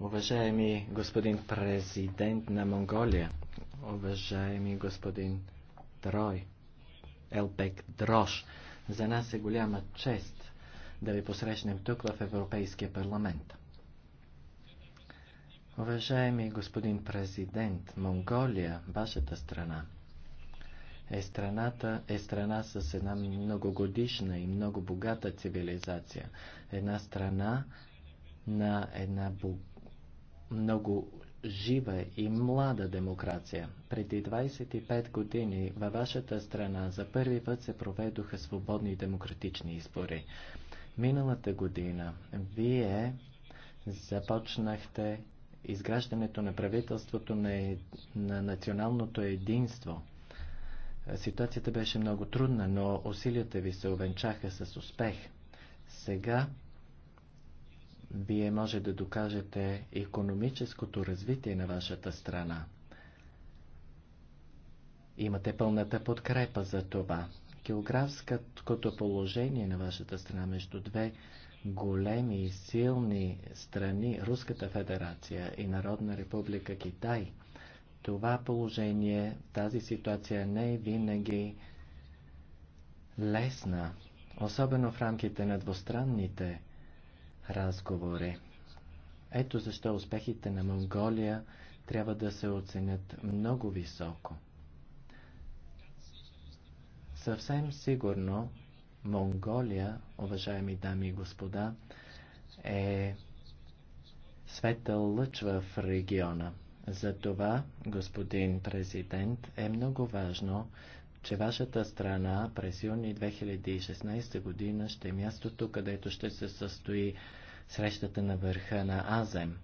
Уважаеми господин президент на Монголия, уважаеми господин Трой, Елбек Дрош, за нас е голяма чест да ви посрещнем тук в Европейския парламент. Уважаеми господин президент, Монголия, вашата страна, е, страната, е страна с една многогодишна и много богата цивилизация. Една страна, на една много жива и млада демокрация. Преди 25 години във вашата страна за първи път се проведоха свободни демократични избори. Миналата година вие започнахте изграждането на правителството на, е- на националното единство. Ситуацията беше много трудна, но усилията ви се увенчаха с успех. Сега вие може да докажете економическото развитие на вашата страна. Имате пълната подкрепа за това. Географското положение на вашата страна между две големи и силни страни, Руската федерация и Народна република Китай, това положение, тази ситуация не е винаги лесна, особено в рамките на двустранните разговори. Ето защо успехите на Монголия трябва да се оценят много високо. Съвсем сигурно Монголия, уважаеми дами и господа, е светъл лъч в региона. Затова, господин президент, е много важно че вашата страна през юни 2016 година ще е мястото, където ще се състои срещата на върха на Азем.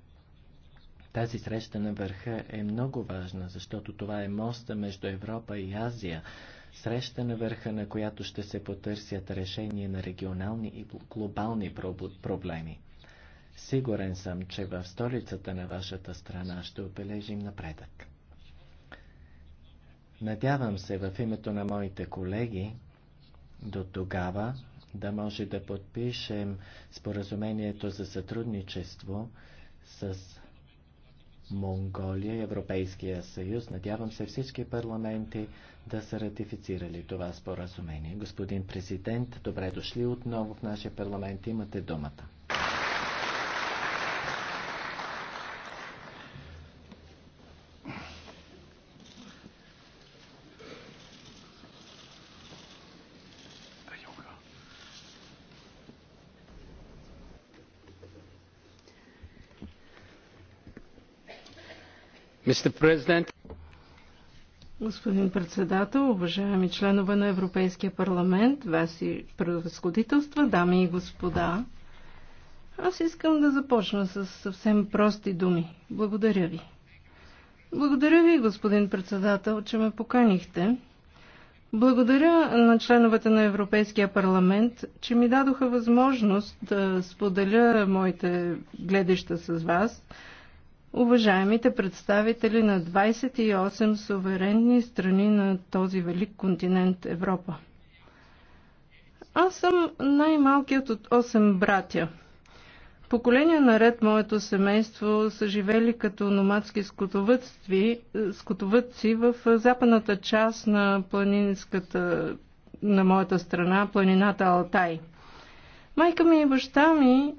Тази среща на върха е много важна, защото това е моста между Европа и Азия, среща на върха, на която ще се потърсят решения на регионални и глобални проблеми. Сигурен съм, че в столицата на вашата страна ще отбележим напредък. Надявам се в името на моите колеги до тогава да може да подпишем споразумението за сътрудничество с Монголия и Европейския съюз. Надявам се всички парламенти да са ратифицирали това споразумение. Господин президент, добре дошли отново в нашия парламент. Имате думата. Господин председател, уважаеми членове на Европейския парламент, ваши превъзходителства, дами и господа, аз искам да започна с съвсем прости думи. Благодаря ви. Благодаря ви, господин председател, че ме поканихте. Благодаря на членовете на Европейския парламент, че ми дадоха възможност да споделя моите гледища с вас – уважаемите представители на 28 суверенни страни на този велик континент Европа. Аз съм най-малкият от 8 братя. Поколения наред моето семейство са живели като номадски скотовъдци в западната част на планинската на моята страна, планината Алтай. Майка ми и баща ми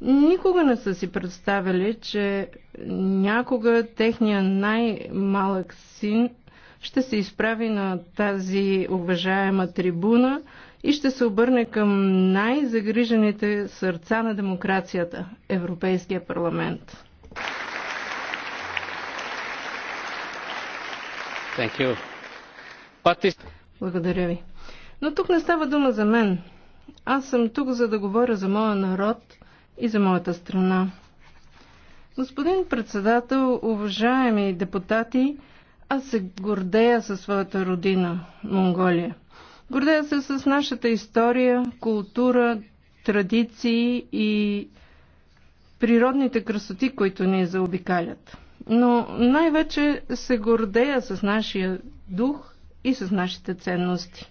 никога не са си представили, че някога техния най-малък син ще се изправи на тази уважаема трибуна и ще се обърне към най-загрижените сърца на демокрацията – Европейския парламент. Thank you. Is... Благодаря ви. Но тук не става дума за мен. Аз съм тук, за да говоря за моя народ – и за моята страна. Господин председател, уважаеми депутати, аз се гордея със своята родина, Монголия. Гордея се с нашата история, култура, традиции и природните красоти, които ни заобикалят. Но най-вече се гордея с нашия дух и с нашите ценности.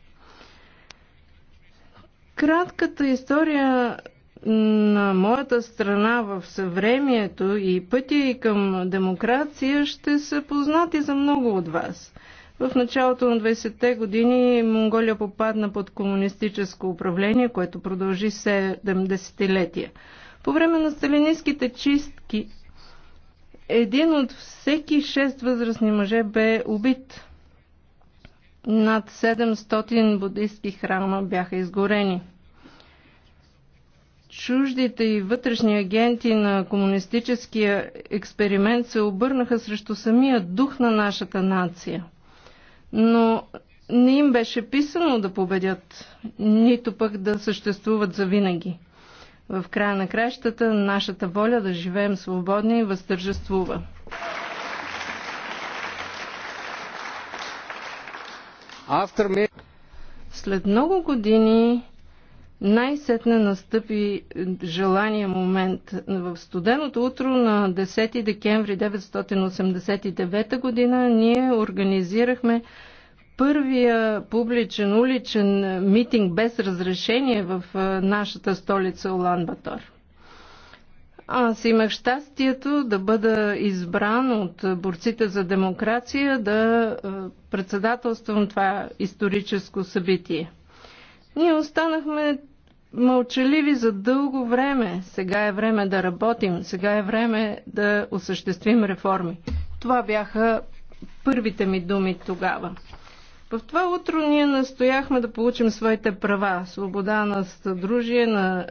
Кратката история на моята страна в съвремието и пътя и към демокрация ще са познати за много от вас. В началото на 20-те години Монголия попадна под комунистическо управление, което продължи 7 десетилетия. По време на сталинистските чистки един от всеки 6 възрастни мъже бе убит. Над 700 будистки храма бяха изгорени чуждите и вътрешни агенти на комунистическия експеримент се обърнаха срещу самия дух на нашата нация. Но не им беше писано да победят, нито пък да съществуват завинаги. В края на кращата нашата воля да живеем свободни и възтържествува. След много години най-сетне настъпи желания момент. В студеното утро на 10 декември 1989 година ние организирахме първия публичен уличен митинг без разрешение в нашата столица Улан-Батор. Аз имах щастието да бъда избран от борците за демокрация да председателствам това историческо събитие. Ние останахме мълчаливи за дълго време. Сега е време да работим, сега е време да осъществим реформи. Това бяха първите ми думи тогава. В това утро ние настояхме да получим своите права, свобода на съдружие, на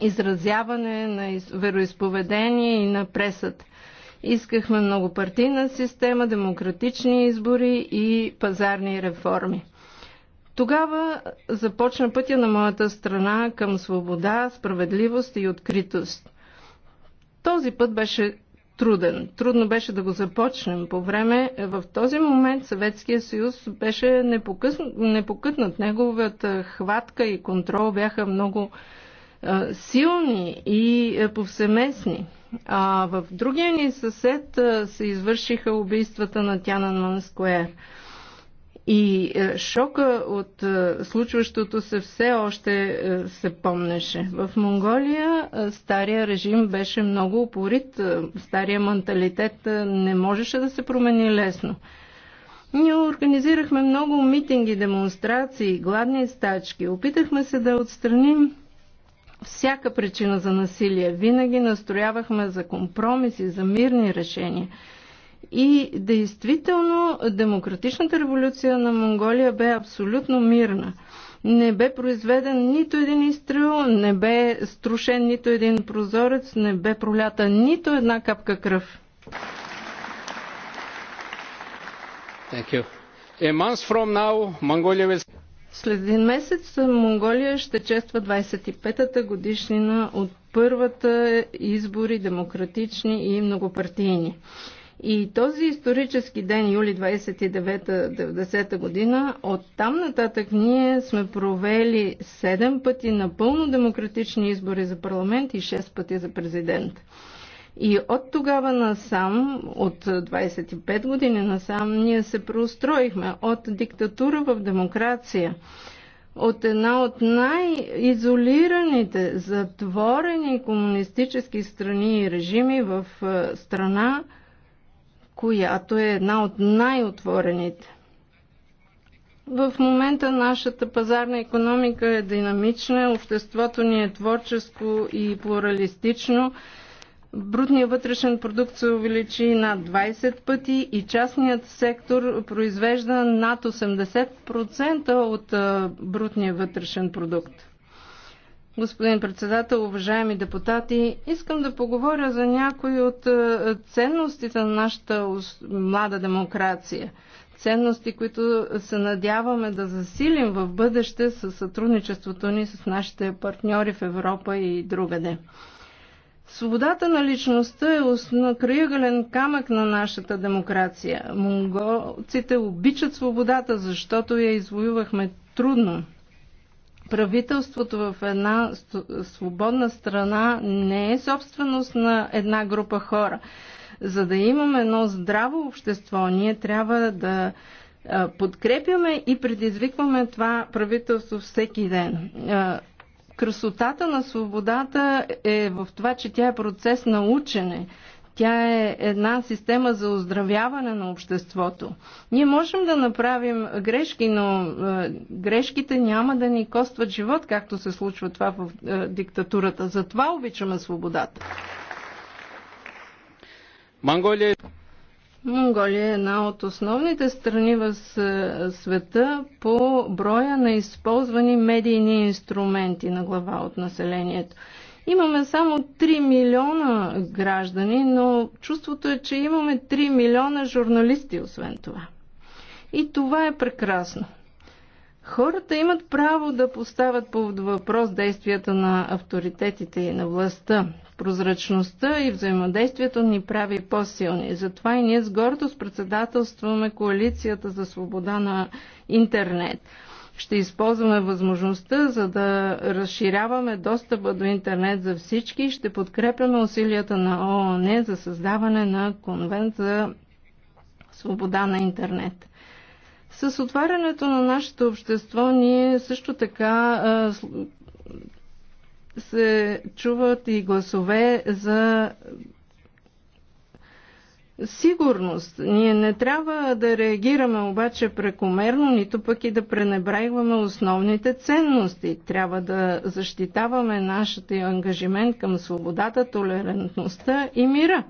изразяване, на вероисповедение и на пресът. Искахме многопартийна система, демократични избори и пазарни реформи. Тогава започна пътя на моята страна към свобода, справедливост и откритост. Този път беше труден. Трудно беше да го започнем по време. В този момент Съветския съюз беше непокъснат, непокътнат. Неговата хватка и контрол бяха много силни и повсеместни. А в другия ни съсед се извършиха убийствата на Тянан Манскуер. И е, шока от е, случващото се все още е, се помнеше. В Монголия стария режим беше много упорит, стария менталитет не можеше да се промени лесно. Ние организирахме много митинги, демонстрации, гладни стачки. Опитахме се да отстраним всяка причина за насилие. Винаги настроявахме за компромиси, за мирни решения – и действително демократичната революция на Монголия бе абсолютно мирна. Не бе произведен нито един изстрел, не бе струшен нито един прозорец, не бе пролята нито една капка кръв. Thank you. A month from now, Mongolia will... След един месец Монголия ще чества 25-та годишнина от първата избори демократични и многопартийни. И този исторически ден, юли 29-90 година, от там нататък ние сме провели 7 пъти напълно демократични избори за парламент и 6 пъти за президент. И от тогава насам, от 25 години насам, ние се преустроихме от диктатура в демокрация от една от най-изолираните, затворени комунистически страни и режими в страна, която е една от най-отворените. В момента нашата пазарна економика е динамична, обществото ни е творческо и плуралистично. Брутният вътрешен продукт се увеличи над 20 пъти и частният сектор произвежда над 80% от брутния вътрешен продукт. Господин председател, уважаеми депутати, искам да поговоря за някои от е, ценностите на нашата млада демокрация. Ценности, които се надяваме да засилим в бъдеще с сътрудничеството ни с нашите партньори в Европа и другаде. Свободата на личността е крайъгълен камък на нашата демокрация. Монголците обичат свободата, защото я извоювахме трудно правителството в една свободна страна не е собственост на една група хора. За да имаме едно здраво общество, ние трябва да подкрепяме и предизвикваме това правителство всеки ден. Красотата на свободата е в това, че тя е процес на учене. Тя е една система за оздравяване на обществото. Ние можем да направим грешки, но е, грешките няма да ни костват живот, както се случва това в е, диктатурата. Затова обичаме свободата. Монголия. Е- Монголия е една от основните страни в света по броя на използвани медийни инструменти на глава от населението. Имаме само 3 милиона граждани, но чувството е, че имаме 3 милиона журналисти, освен това. И това е прекрасно. Хората имат право да поставят под въпрос действията на авторитетите и на властта. Прозрачността и взаимодействието ни прави по-силни. Затова и ние с гордост председателстваме коалицията за свобода на интернет. Ще използваме възможността, за да разширяваме достъпа до интернет за всички. Ще подкрепяме усилията на ООН за създаване на конвент за свобода на интернет. С отварянето на нашето общество ние също така се чуват и гласове за сигурност. Ние не трябва да реагираме обаче прекомерно, нито пък и да пренебрегваме основните ценности. Трябва да защитаваме нашата ангажимент към свободата, толерантността и мира.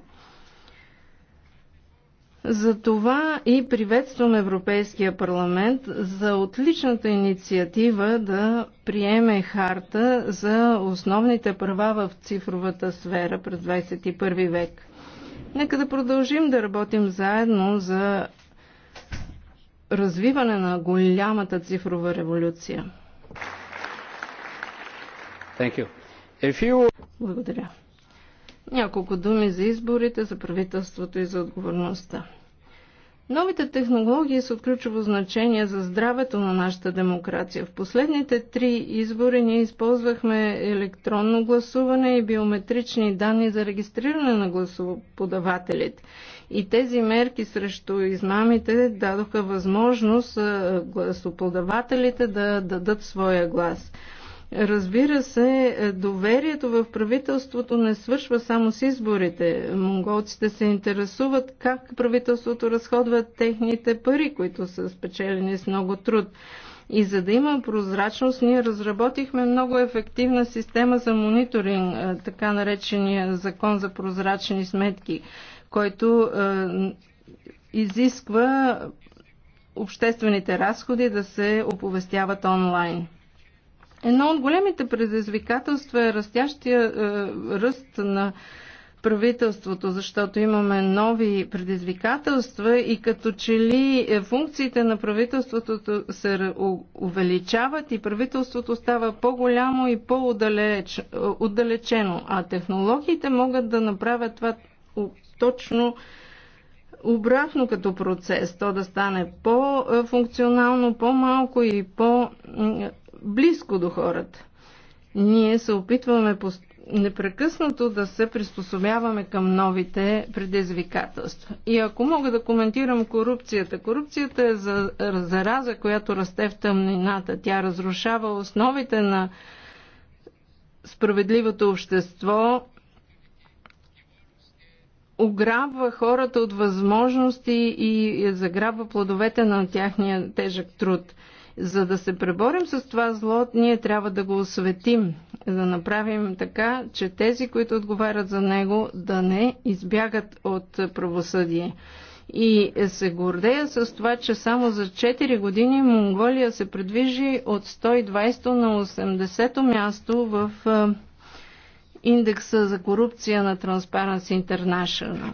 Затова и приветствам Европейския парламент за отличната инициатива да приеме харта за основните права в цифровата сфера през 21 век. Нека да продължим да работим заедно за развиване на голямата цифрова революция. Thank you. If you... Благодаря. Няколко думи за изборите, за правителството и за отговорността. Новите технологии са от ключово значение за здравето на нашата демокрация. В последните три избори ние използвахме електронно гласуване и биометрични данни за регистриране на гласоподавателите. И тези мерки срещу измамите дадоха възможност гласоподавателите да дадат своя глас. Разбира се, доверието в правителството не свършва само с изборите. Монголците се интересуват как правителството разходва техните пари, които са спечелени с много труд. И за да има прозрачност, ние разработихме много ефективна система за мониторинг, така наречения закон за прозрачни сметки, който изисква обществените разходи да се оповестяват онлайн. Едно от големите предизвикателства е растящия е, ръст на правителството, защото имаме нови предизвикателства и като че ли е, функциите на правителството се увеличават и правителството става по-голямо и по-отдалечено, е, а технологиите могат да направят това точно обратно като процес, то да стане по-функционално, е, по-малко и по- близко до хората. Ние се опитваме непрекъснато да се приспособяваме към новите предизвикателства. И ако мога да коментирам корупцията, корупцията е за, зараза, която расте в тъмнината. Тя разрушава основите на справедливото общество, ограбва хората от възможности и заграбва плодовете на тяхния тежък труд. За да се преборим с това зло, ние трябва да го осветим, да направим така, че тези, които отговарят за него, да не избягат от правосъдие. И се гордея с това, че само за 4 години Монголия се придвижи от 120 на 80 място в индекса за корупция на Transparency International.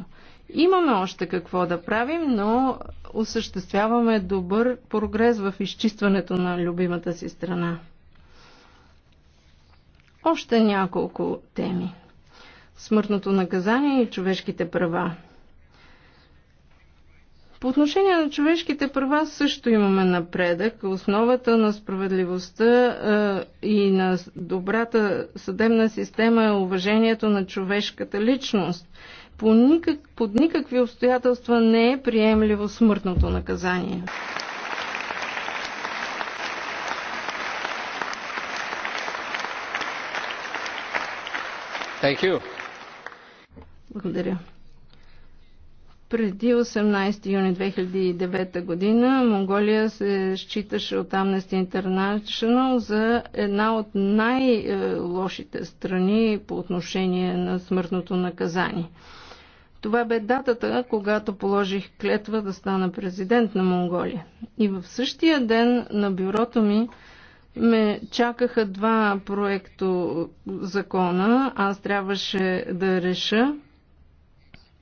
Имаме още какво да правим, но осъществяваме добър прогрес в изчистването на любимата си страна. Още няколко теми. Смъртното наказание и човешките права. По отношение на човешките права също имаме напредък. Основата на справедливостта и на добрата съдебна система е уважението на човешката личност по никак, под никакви обстоятелства не е приемливо смъртното наказание. Thank you. Благодаря. Преди 18 юни 2009 година Монголия се считаше от Amnesty International за една от най-лошите е, страни по отношение на смъртното наказание. Това бе датата, когато положих клетва да стана президент на Монголия. И в същия ден на бюрото ми ме чакаха два проекто закона. Аз трябваше да реша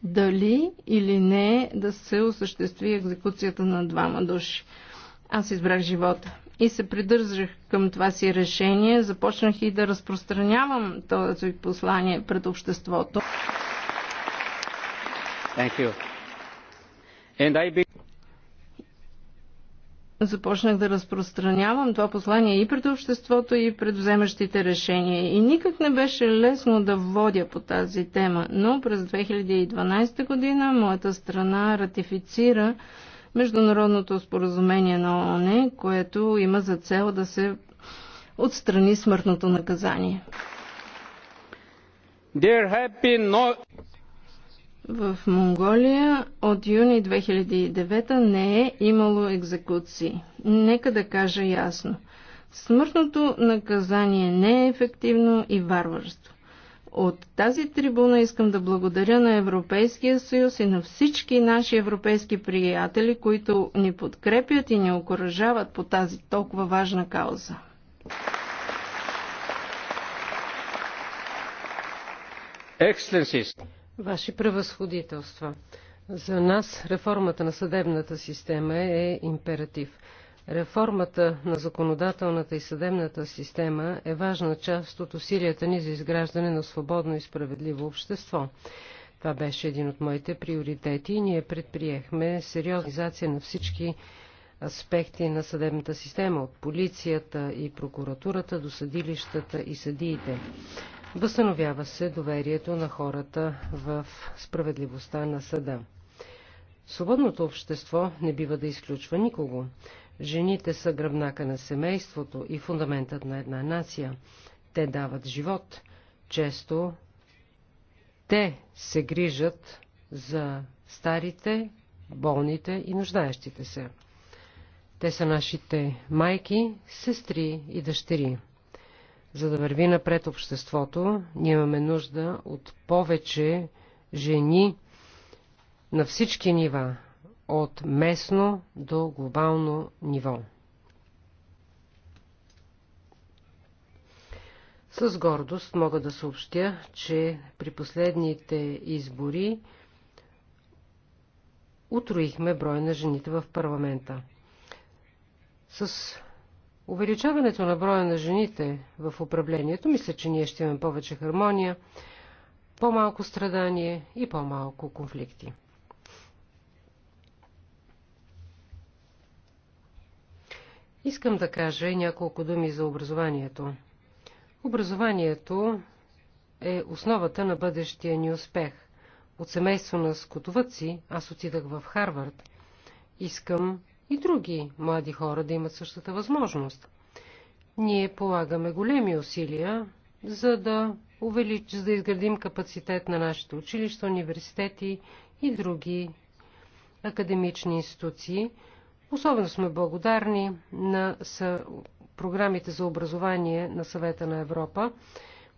дали или не да се осъществи екзекуцията на двама души. Аз избрах живота и се придържах към това си решение. Започнах и да разпространявам този послание пред обществото. Започнах да разпространявам това послание и пред обществото, и пред вземащите решения. И никак не беше лесно да водя по тази тема, но през 2012 година моята страна ратифицира Международното споразумение на ООН, което има за цел да се отстрани смъртното наказание. There have been no... В Монголия от юни 2009 не е имало екзекуции. Нека да кажа ясно. Смъртното наказание не е ефективно и варварство. От тази трибуна искам да благодаря на Европейския съюз и на всички наши европейски приятели, които ни подкрепят и ни окоръжават по тази толкова важна кауза. Ваши превъзходителства. За нас реформата на съдебната система е императив. Реформата на законодателната и съдебната система е важна част от усилията ни за изграждане на свободно и справедливо общество. Това беше един от моите приоритети и ние предприехме сериозизация на всички аспекти на съдебната система, от полицията и прокуратурата до съдилищата и съдиите. Възстановява се доверието на хората в справедливостта на съда. Свободното общество не бива да изключва никого. Жените са гръбнака на семейството и фундаментът на една нация. Те дават живот. Често те се грижат за старите, болните и нуждаещите се. Те са нашите майки, сестри и дъщери. За да върви напред обществото, ние имаме нужда от повече жени на всички нива, от местно до глобално ниво. С гордост мога да съобщя, че при последните избори утроихме броя на жените в парламента. С Увеличаването на броя на жените в управлението, мисля, че ние ще имаме повече хармония, по-малко страдание и по-малко конфликти. Искам да кажа и няколко думи за образованието. Образованието е основата на бъдещия ни успех. От семейство на скотовъци аз отидах в Харвард. Искам и други млади хора да имат същата възможност. Ние полагаме големи усилия, за да, увелич, за да изградим капацитет на нашите училища, университети и други академични институции. Особено сме благодарни на са, програмите за образование на Съвета на Европа,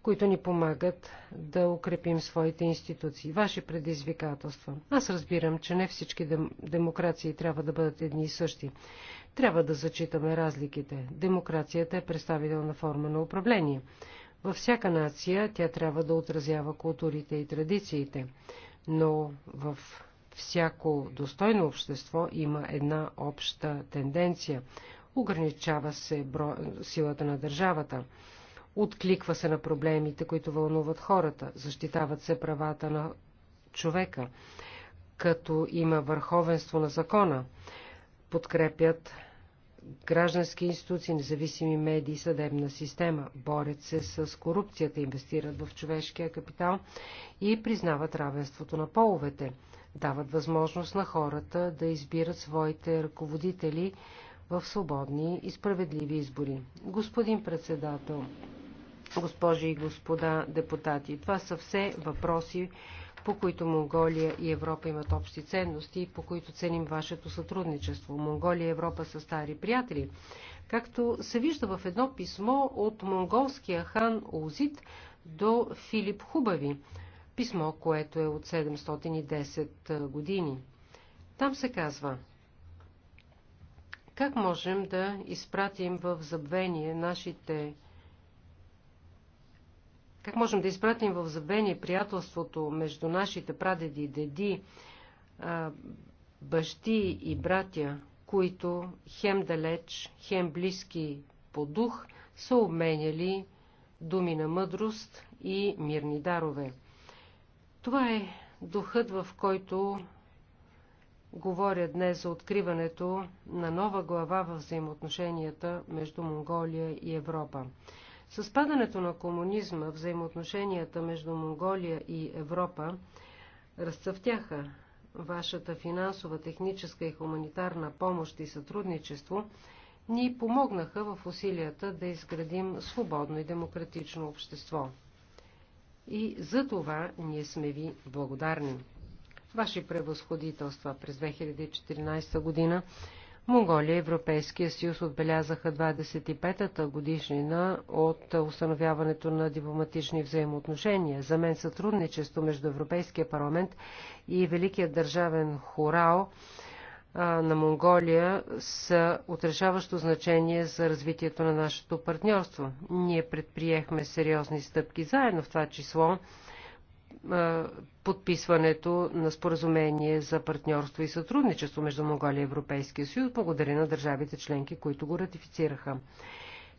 които ни помагат да укрепим своите институции. Ваши предизвикателства. Аз разбирам, че не всички дем... демокрации трябва да бъдат едни и същи. Трябва да зачитаме разликите. Демокрацията е представителна форма на управление. Във всяка нация тя трябва да отразява културите и традициите, но в всяко достойно общество има една обща тенденция. Ограничава се бро... силата на държавата. Откликва се на проблемите, които вълнуват хората. Защитават се правата на човека, като има върховенство на закона. Подкрепят граждански институции, независими медии, съдебна система, борят се с корупцията, инвестират в човешкия капитал и признават равенството на половете, дават възможност на хората да избират своите ръководители в свободни и справедливи избори. Господин председател, госпожи и господа депутати. Това са все въпроси, по които Монголия и Европа имат общи ценности и по които ценим вашето сътрудничество. Монголия и Европа са стари приятели. Както се вижда в едно писмо от монголския хан Озит до Филип Хубави, писмо, което е от 710 години. Там се казва Как можем да изпратим в забвение нашите как можем да изпратим в забвение приятелството между нашите прадеди, деди, бащи и братя, които хем далеч, хем близки по дух са обменяли думи на мъдрост и мирни дарове. Това е духът, в който говоря днес за откриването на нова глава в взаимоотношенията между Монголия и Европа. С падането на комунизма взаимоотношенията между Монголия и Европа разцъфтяха. Вашата финансова, техническа и хуманитарна помощ и сътрудничество ни помогнаха в усилията да изградим свободно и демократично общество. И за това ние сме ви благодарни. Ваши превъзходителства през 2014 година Монголия и Европейския съюз отбелязаха 25-та годишнина от установяването на дипломатични взаимоотношения. За мен сътрудничество между Европейския парламент и Великият държавен хорао на Монголия са отрешаващо значение за развитието на нашето партньорство. Ние предприехме сериозни стъпки заедно в това число подписването на споразумение за партньорство и сътрудничество между Монголия и Европейския съюз, благодаря на държавите членки, които го ратифицираха.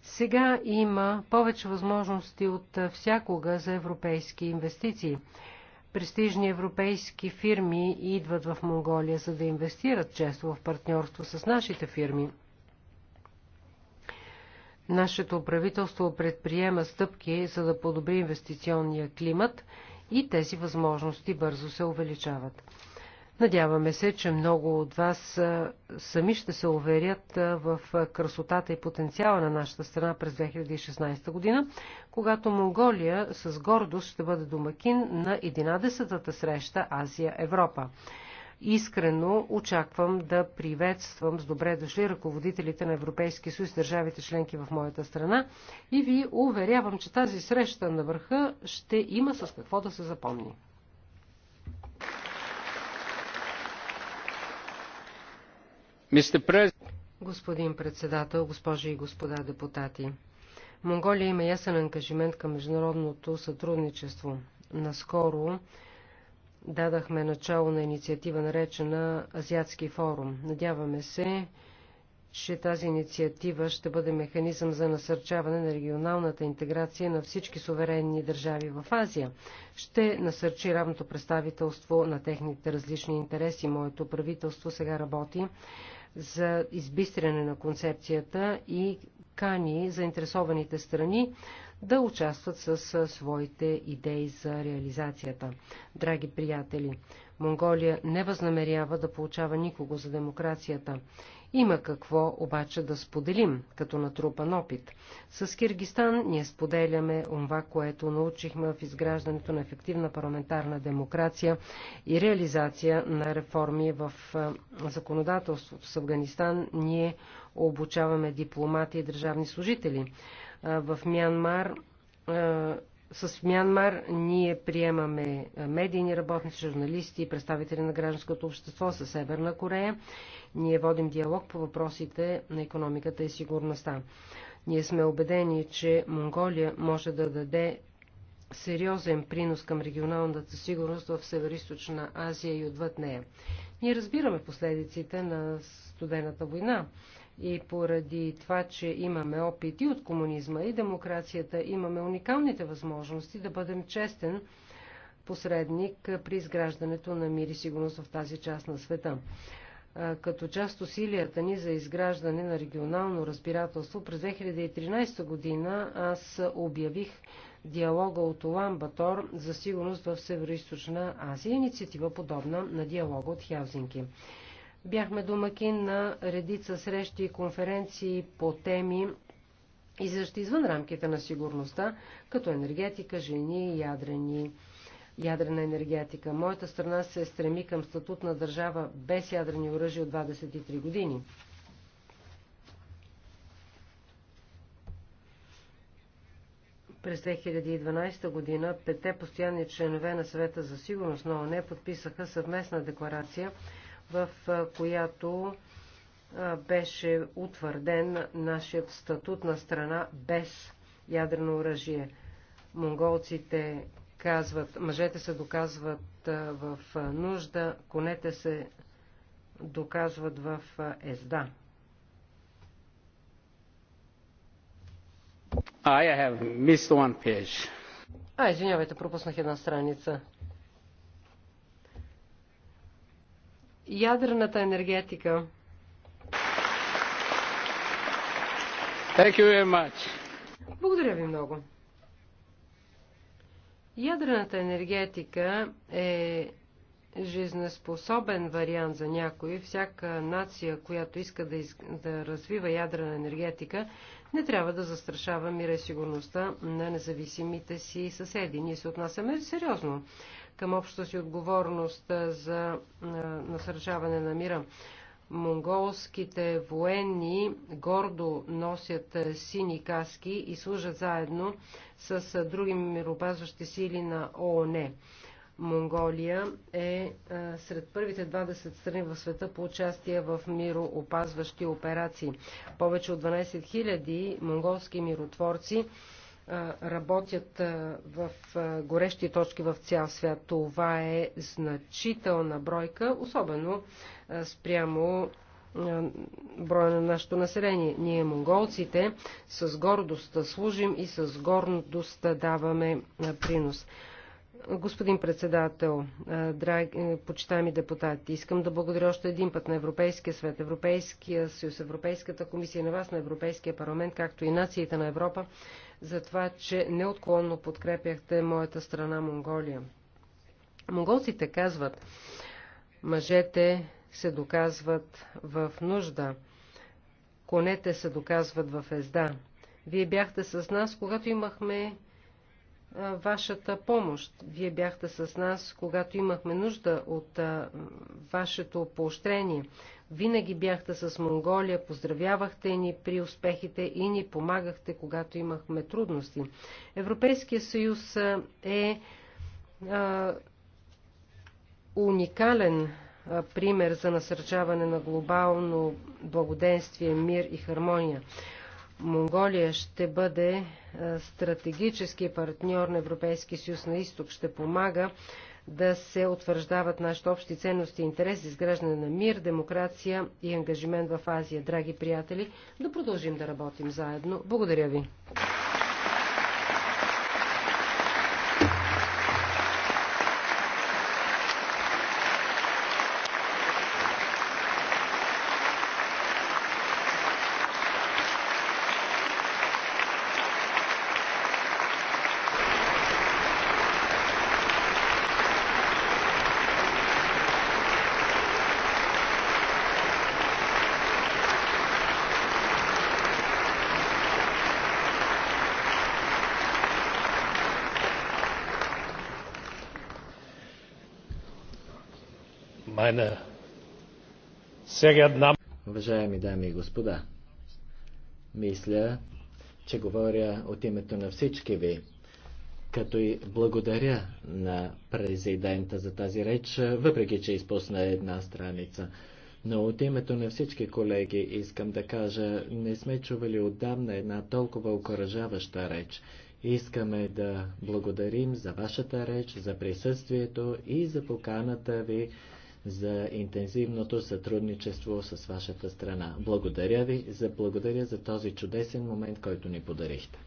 Сега има повече възможности от всякога за европейски инвестиции. Престижни европейски фирми идват в Монголия, за да инвестират често в партньорство с нашите фирми. Нашето правителство предприема стъпки, за да подобри инвестиционния климат и тези възможности бързо се увеличават. Надяваме се, че много от вас сами ще се уверят в красотата и потенциала на нашата страна през 2016 година, когато Монголия с гордост ще бъде домакин на 11-та среща Азия-Европа. Искрено очаквам да приветствам с добре дошли ръководителите на Европейския съюз, държавите членки в моята страна и ви уверявам, че тази среща на върха ще има с какво да се запомни. Господин председател, госпожи и господа депутати, Монголия има ясен ангажимент към международното сътрудничество. Наскоро дадахме начало на инициатива, наречена Азиатски форум. Надяваме се, че тази инициатива ще бъде механизъм за насърчаване на регионалната интеграция на всички суверенни държави в Азия. Ще насърчи равното представителство на техните различни интереси. Моето правителство сега работи за избистряне на концепцията и кани заинтересованите страни да участват с своите идеи за реализацията. Драги приятели, Монголия не възнамерява да получава никого за демокрацията. Има какво обаче да споделим, като натрупан опит. С Киргистан ние споделяме това, което научихме в изграждането на ефективна парламентарна демокрация и реализация на реформи в законодателството. С Афганистан ние обучаваме дипломати и държавни служители в Мянмар. С Мянмар ние приемаме медийни работници, журналисти, представители на гражданското общество със Северна Корея. Ние водим диалог по въпросите на економиката и сигурността. Ние сме убедени, че Монголия може да даде сериозен принос към регионалната сигурност в Северо-Источна Азия и отвъд нея. Ние разбираме последиците на студената война и поради това, че имаме опит и от комунизма и демокрацията, имаме уникалните възможности да бъдем честен посредник при изграждането на мир и сигурност в тази част на света. Като част от усилията ни за изграждане на регионално разбирателство, през 2013 година аз обявих диалога от Улан Батор за сигурност в Северо-Источна Азия, инициатива подобна на диалога от Хелзинки. Бяхме домакин на редица срещи и конференции по теми, излизащи извън рамките на сигурността, като енергетика, жени и ядрени ядрена енергетика. Моята страна се стреми към статут на държава без ядрени оръжия от 23 години. През 2012 година пете постоянни членове на съвета за сигурност на ОНЕ подписаха съвместна декларация в която беше утвърден нашият статут на страна без ядрено оръжие. Монголците казват, мъжете се доказват в нужда, конете се доказват в езда. I have missed one page. А, извинявайте, пропуснах една страница. ядрената енергетика. Thank you very much. Благодаря ви много. Ядрената енергетика е жизнеспособен вариант за някой. Всяка нация, която иска да, из... да развива ядрена енергетика, не трябва да застрашава мира и сигурността на независимите си съседи. Ние се отнасяме сериозно към общата си отговорност за насърчаване на мира. Монголските военни гордо носят сини каски и служат заедно с други миропазващи сили на ООН. Монголия е сред първите 20 страни в света по участие в мироопазващи операции. Повече от 12 000 монголски миротворци работят в горещи точки в цял свят. Това е значителна бройка, особено спрямо броя на нашето население. Ние, монголците, с гордост служим и с гордост даваме принос. Господин председател, драги, почитаеми депутати, искам да благодаря още един път на Европейския свет, Европейския съюз, Европейската комисия на вас, на Европейския парламент, както и нациите на Европа, за това, че неотклонно подкрепяхте моята страна Монголия. Монголците казват, мъжете се доказват в нужда, конете се доказват в езда. Вие бяхте с нас, когато имахме а, вашата помощ. Вие бяхте с нас, когато имахме нужда от а, вашето поощрение. Винаги бяхте с Монголия, поздравявахте ни при успехите и ни помагахте, когато имахме трудности. Европейския съюз е, е а, уникален а, пример за насърчаване на глобално благоденствие, мир и хармония. Монголия ще бъде стратегически партньор на Европейския съюз на изток, ще помага да се утвърждават нашите общи ценности и интерес, изграждане на мир, демокрация и ангажимент в Азия. Драги приятели, да продължим да работим заедно. Благодаря ви. Уважаеми дами и господа, мисля, че говоря от името на всички ви, като и благодаря на президента за тази реч, въпреки че изпусна една страница. Но от името на всички колеги искам да кажа, не сме чували отдавна една толкова окоръжаваща реч. Искаме да благодарим за вашата реч, за присъствието и за поканата ви за интензивното сътрудничество с вашата страна. Благодаря ви, за благодаря за този чудесен момент, който ни подарихте.